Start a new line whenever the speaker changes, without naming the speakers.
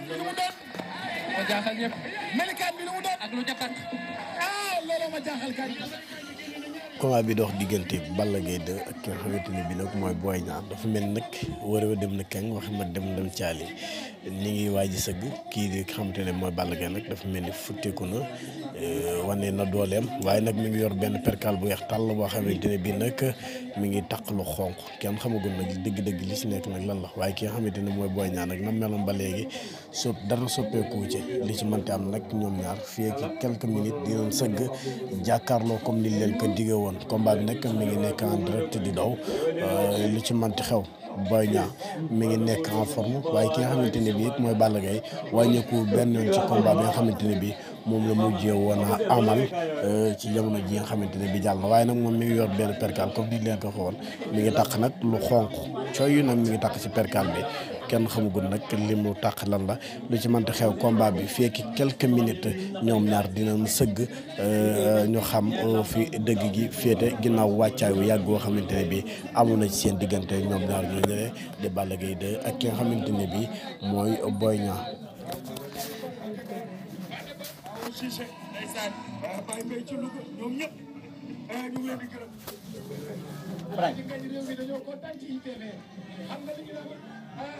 Melikaan bi lu mu doon. moo jaaxal ñëpp. Melikaan bi lu mu doon. ak lu jàkkaat. ah looloo bi dox diggante Balla Gaye de ak ki nga bi ne bii nag mooy Boy Niang dafa mel nag wa dem na kañ wax ma dem dem caali. ñi ngi waaj ji sëgg kii di xamante ne mooy Balla Gaye nag dafa mel ni futteeku na eh, wane na dooleem waaye nag mi ngi yor benn perkal bu weex tàll boo xamante ne bii nag mu ngi taq lu xonq kenn xamagul nag dëgg-dëgg li si nekk nag lan la waaye ki nga xamante ne mooy Boy Niang nag na ba léegi so dara soppeeku ci li ci mënti am nag ñoom ñaar fii ak quelques minutes dinañ sëgg jàkkaarloo comme ni leen ko dige woon combat bi nekk mi ngi nekk en direct di daw eh, li ci mënti xew Boy Niang mi ngi nekk en waaye ki nga xamante ne bii mooy Balla Gaye wàññeeku benn yoon ci combat bi nga xamante ne bii moom la mujjee woon a amal euh, ci jamono ji nga xamante ne bii jàll na waaye nag moom mi ngi yor benn percal comme ni ñu leen ko waxoon mi ngi takk nag lu xonq cooy yu nag mi ngi takk ci percal bi. kenn xamagul nag li mu tàq lan la lu ci mënta xew combat bi fekki quelques minutes ñoom ñaar dinañ sëgg euh, ñu xam euh, fi dëgg gi féete ginnaaw wàccaay wu yàgg woo xamante ne bi amoon na ci seen diggante ñoom ñaar ñu ñëwee di Balla Gaye 2 ak ki nga xamante ne bi mooy Boy Niang